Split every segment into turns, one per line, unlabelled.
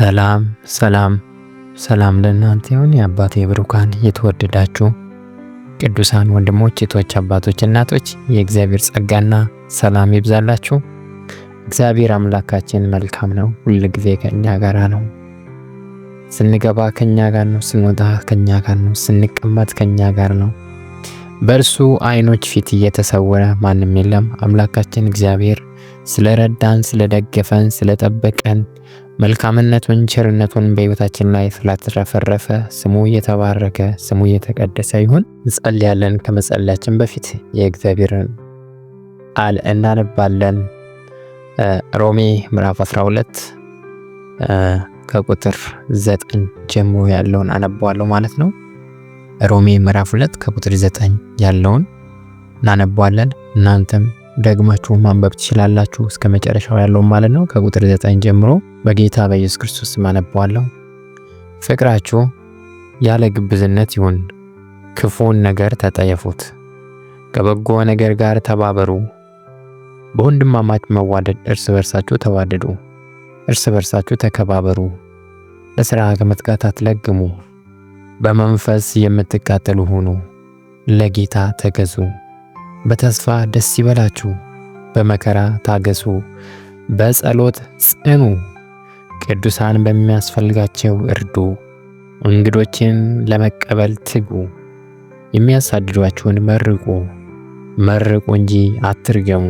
ሰላም ሰላም ሰላም ለእናንተ ይሁን። የአባቴ ብሩካን የተወደዳችሁ ቅዱሳን ወንድሞች፣ እህቶች፣ አባቶች፣ እናቶች የእግዚአብሔር ጸጋና ሰላም ይብዛላችሁ። እግዚአብሔር አምላካችን መልካም ነው፣ ሁል ጊዜ ከእኛ ጋር ነው። ስንገባ ከእኛ ጋር ነው፣ ስንወጣ ከእኛ ጋር ነው፣ ስንቀመጥ ከእኛ ጋር ነው። በእርሱ አይኖች ፊት እየተሰወረ ማንም የለም። አምላካችን እግዚአብሔር ስለረዳን፣ ስለደገፈን፣ ስለጠበቀን መልካምነቱን ቸርነቱን በሕይወታችን ላይ ስላትረፈረፈ ስሙ እየተባረከ ስሙ እየተቀደሰ ይሁን። እንጸልያለን። ከመጸለያችን በፊት የእግዚአብሔርን ቃል እናነባለን። ሮሜ ምዕራፍ 12 ከቁጥር 9 ጀምሮ ያለውን አነባዋለሁ ማለት ነው። ሮሜ ምዕራፍ 2 ከቁጥር 9 ያለውን እናነባዋለን። እናንተም ደግማችሁ ማንበብ ትችላላችሁ እስከ መጨረሻው ያለውን ማለት ነው። ከቁጥር 9 ጀምሮ በጌታ በኢየሱስ ክርስቶስ ማነባለሁ። ፍቅራችሁ ያለ ግብዝነት ይሁን፣ ክፉን ነገር ተጠየፉት፣ ከበጎ ነገር ጋር ተባበሩ። በወንድማማች መዋደድ እርስ በርሳችሁ ተዋደዱ፣ እርስ በርሳችሁ ተከባበሩ። ለሥራ ከመትጋት አትለግሙ፣ በመንፈስ የምትቃጠሉ ሁኑ፣ ለጌታ ተገዙ። በተስፋ ደስ ይበላችሁ፣ በመከራ ታገሱ፣ በጸሎት ጽኑ፣ ቅዱሳን በሚያስፈልጋቸው እርዱ፣ እንግዶችን ለመቀበል ትጉ፣ የሚያሳድዷችሁን መርቁ። መርቁ እንጂ አትርገሙ።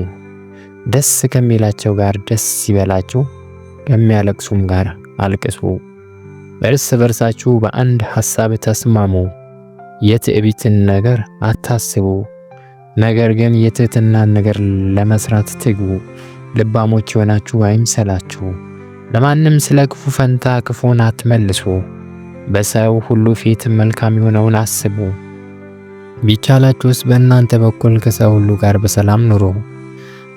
ደስ ከሚላቸው ጋር ደስ ይበላችሁ፣ ከሚያለቅሱም ጋር አልቅሱ። እርስ በርሳችሁ በአንድ ሐሳብ ተስማሙ። የትዕቢትን ነገር አታስቡ ነገር ግን የትህትናን ነገር ለመስራት ትጉ። ልባሞች የሆናችሁ አይምሰላችሁ። ለማንም ስለ ክፉ ፈንታ ክፉን አትመልሱ። በሰው ሁሉ ፊት መልካም የሆነውን አስቡ። ቢቻላችሁስ በእናንተ በኩል ከሰው ሁሉ ጋር በሰላም ኑሩ።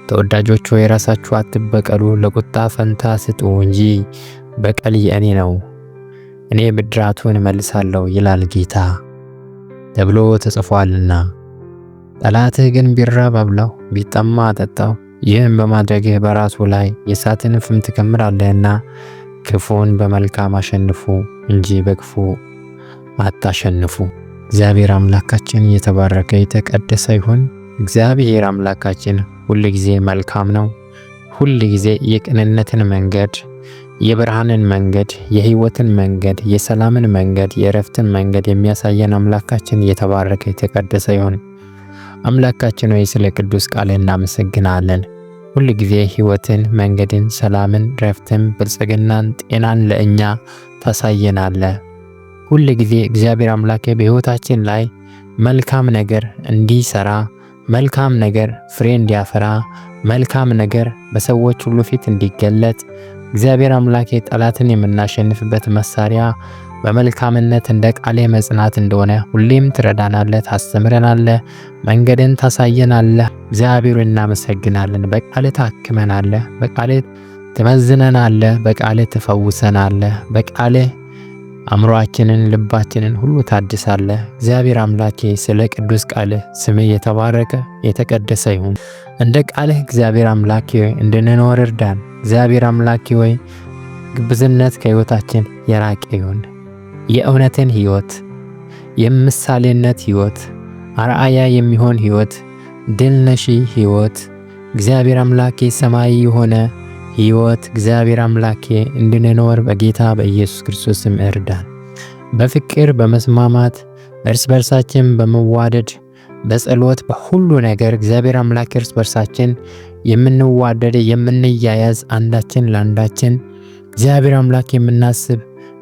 ተወዳጆች ሆይ ራሳችሁ አትበቀሉ፣ ለቁጣ ፈንታ ስጡ እንጂ በቀል የእኔ ነው፣ እኔ ብድራቱን እመልሳለሁ ይላል ጌታ ተብሎ ተጽፏልና። ጠላትህ ግን ቢራብ አብላው፣ ቢጠማ አጠጣው። ይህም በማድረግህ በራሱ ላይ የእሳትን ፍም ትከምራለህና ክፉን በመልካም አሸንፉ እንጂ በክፉ አታሸንፉ። እግዚአብሔር አምላካችን የተባረከ የተቀደሰ ይሁን። እግዚአብሔር አምላካችን ሁል ጊዜ መልካም ነው። ሁል ጊዜ የቅንነትን መንገድ፣ የብርሃንን መንገድ፣ የህይወትን መንገድ፣ የሰላምን መንገድ፣ የእረፍትን መንገድ የሚያሳየን አምላካችን የተባረከ የተቀደሰ ይሁን። አምላካችን ሆይ ስለ ቅዱስ ቃል እናመሰግናለን። ሁል ጊዜ ሕይወትን፣ መንገድን፣ ሰላምን፣ ረፍትን፣ ብልጽግናን፣ ጤናን ለእኛ ታሳየናለ። ሁል ጊዜ እግዚአብሔር አምላኬ በሕይወታችን ላይ መልካም ነገር እንዲሰራ መልካም ነገር ፍሬ እንዲያፈራ መልካም ነገር በሰዎች ሁሉ ፊት እንዲገለጥ እግዚአብሔር አምላኬ ጠላትን የምናሸንፍበት መሳሪያ በመልካምነት እንደ ቃሌ መጽናት እንደሆነ ሁሌም ትረዳናለህ፣ ታስተምረናለህ፣ መንገድን ታሳየናለህ። እግዚአብሔር እናመሰግናለን። በቃል ታክመናለህ፣ በቃሌ ትመዝነናለህ፣ በቃሌ ትፈውሰናለህ፣ በቃሌ አእምሮአችንን ልባችንን ሁሉ ታድሳለህ። እግዚአብሔር አምላኬ ስለ ቅዱስ ቃልህ ስምህ የተባረከ የተቀደሰ ይሁን። እንደ ቃልህ እግዚአብሔር አምላኬ ሆይ እንድንኖር እርዳን። እግዚአብሔር አምላኬ ሆይ ግብዝነት ከሕይወታችን የራቀ ይሁን። የእውነትን ሕይወት፣ የምሳሌነት ሕይወት፣ አርአያ የሚሆን ሕይወት፣ ድልነሺ ሕይወት እግዚአብሔር አምላኬ ሰማይ የሆነ ሕይወት እግዚአብሔር አምላኬ እንድንኖር በጌታ በኢየሱስ ክርስቶስም እርዳን። በፍቅር በመስማማት እርስ በርሳችን በመዋደድ በጸሎት በሁሉ ነገር እግዚአብሔር አምላክ እርስ በርሳችን የምንዋደድ የምንያያዝ፣ አንዳችን ለአንዳችን እግዚአብሔር አምላክ የምናስብ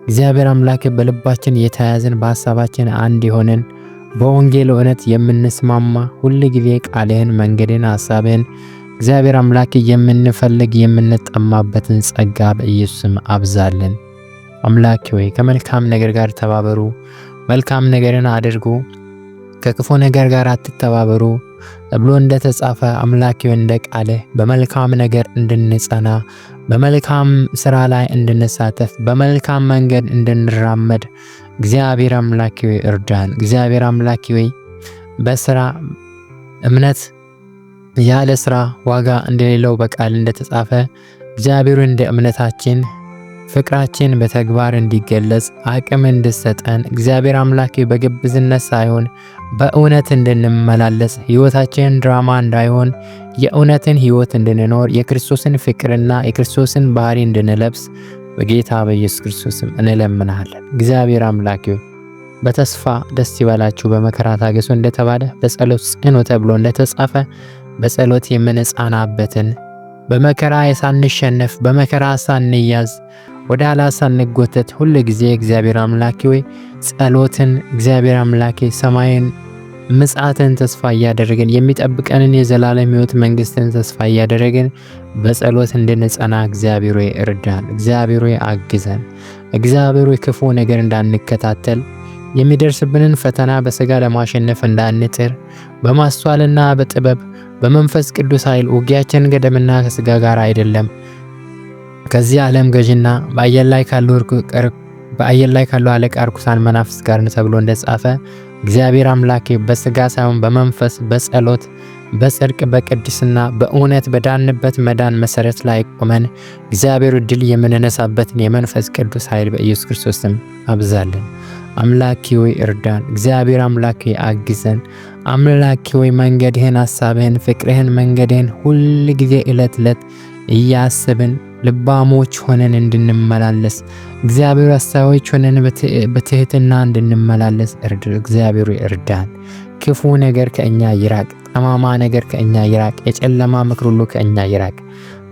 እግዚአብሔር አምላክ በልባችን የተያያዝን በሀሳባችን አንድ የሆንን በወንጌል እውነት የምንስማማ ሁል ጊዜ ቃልህን፣ መንገድን፣ ሐሳብህን እግዚአብሔር አምላክ የምንፈልግ የምንጠማበትን ጸጋ በኢየሱስም አብዛልን። አምላክ ሆይ ከመልካም ነገር ጋር ተባበሩ፣ መልካም ነገርን አድርጉ፣ ከክፉ ነገር ጋር አትተባበሩ ተብሎ እንደተጻፈ አምላክ ሆይ እንደ ቃልህ በመልካም ነገር እንድንጸና፣ በመልካም ስራ ላይ እንድንሳተፍ፣ በመልካም መንገድ እንድንራመድ እግዚአብሔር አምላክ ሆይ እርዳን። እግዚአብሔር አምላክ ሆይ በስራ እምነት ያለ ስራ ዋጋ እንደሌለው በቃል እንደተጻፈ እግዚአብሔሩ እንደ እምነታችን ፍቅራችን በተግባር እንዲገለጽ አቅም እንድሰጠን እግዚአብሔር አምላኬ በግብዝነት ሳይሆን በእውነት እንድንመላለስ ሕይወታችንን ድራማ እንዳይሆን የእውነትን ሕይወት እንድንኖር የክርስቶስን ፍቅርና የክርስቶስን ባህሪ እንድንለብስ በጌታ በኢየሱስ ክርስቶስም እንለምናለን። እግዚአብሔር አምላኬ በተስፋ ደስ ይበላችሁ፣ በመከራ ታገሱ እንደተባለ በጸሎት ጽኑ ተብሎ እንደተጻፈ በጸሎት የምንጻናበትን በመከራ ሳንሸነፍ በመከራ ሳንያዝ ወደ ኋላ ሳንጎተት ሁል ጊዜ እግዚአብሔር አምላኪ ወይ ጸሎትን እግዚአብሔር አምላኬ ሰማይን ምጽአትን ተስፋ እያደረግን የሚጠብቀንን የዘላለም ሕይወት መንግስትን ተስፋ እያደረግን በጸሎት እንድንጸና እግዚአብሔር ሆይ እርዳን፣ እግዚአብሔር አግዘን፣ እግዚአብሔር ሆይ ክፉ ነገር እንዳንከታተል የሚደርስብንን ፈተና በስጋ ለማሸነፍ እንዳንጥር በማስተዋልና በጥበብ በመንፈስ ቅዱስ ኃይል ውጊያችን ገደምና ከስጋ ጋር አይደለም፣ ከዚህ ዓለም ገዥና በአየር ላይ ካሉ ላይ አለቃ ርኩሳን መናፍስ ጋር ተብሎ እንደጻፈ እግዚአብሔር አምላኬ በስጋ ሳይሆን በመንፈስ በጸሎት በጽድቅ በቅድስና በእውነት በዳንበት መዳን መሰረት ላይ ቆመን እግዚአብሔር ድል የምንነሳበትን የመንፈስ ቅዱስ ኃይል በኢየሱስ ክርስቶስም አብዛለን። አምላኬ ወይ እርዳን። እግዚአብሔር አምላኬ አግዘን። አምላኬ ወይ መንገድህን፣ ሐሳብህን፣ ፍቅርህን፣ መንገድህን ሁል ጊዜ እለት እለት እያስብን ልባሞች ሆነን እንድንመላለስ እግዚአብሔር አስተዋዮች ሆነን በትህትና እንድንመላለስ እግዚአብሔር እርዳን። ክፉ ነገር ከእኛ ይራቅ፣ ጠማማ ነገር ከእኛ ይራቅ፣ የጨለማ ምክር ሁሉ ከእኛ ይራቅ።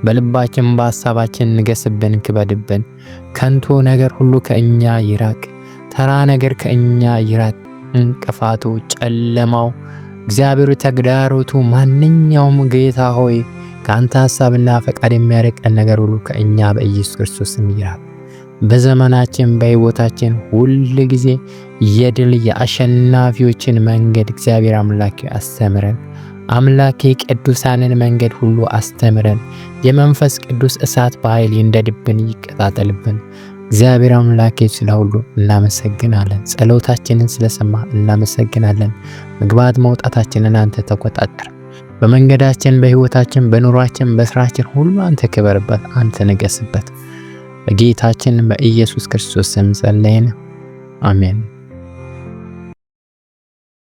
በልባችን በሐሳባችን ንገስብን፣ ክበድብን። ከንቱ ነገር ሁሉ ከእኛ ይራቅ፣ ተራ ነገር ከእኛ ይራቅ። እንቅፋቱ፣ ጨለማው፣ እግዚአብሔር ተግዳሮቱ፣ ማንኛውም ጌታ ሆይ ከአንተ ሀሳብና ፈቃድ የሚያርቀን ነገር ሁሉ ከእኛ በኢየሱስ ክርስቶስ ስም ይራቅ። በዘመናችን በሕይወታችን ሁል ጊዜ የድል የአሸናፊዎችን መንገድ እግዚአብሔር አምላክ አስተምረን። አምላኬ ቅዱሳንን መንገድ ሁሉ አስተምረን። የመንፈስ ቅዱስ እሳት በኃይል እንደ ድብን ይቀጣጠልብን። እግዚአብሔር አምላክ ስለ ሁሉ እናመሰግናለን። ጸሎታችንን ስለሰማ እናመሰግናለን። መግባት መውጣታችንን አንተ ተቆጣጠር። በመንገዳችን፣ በህይወታችን በኑሯችን፣ በስራችን ሁሉ አንተ ክበርበት፣ አንተ ንገስበት። በጌታችን በኢየሱስ ክርስቶስ ስም ጸለይን፣ አሜን።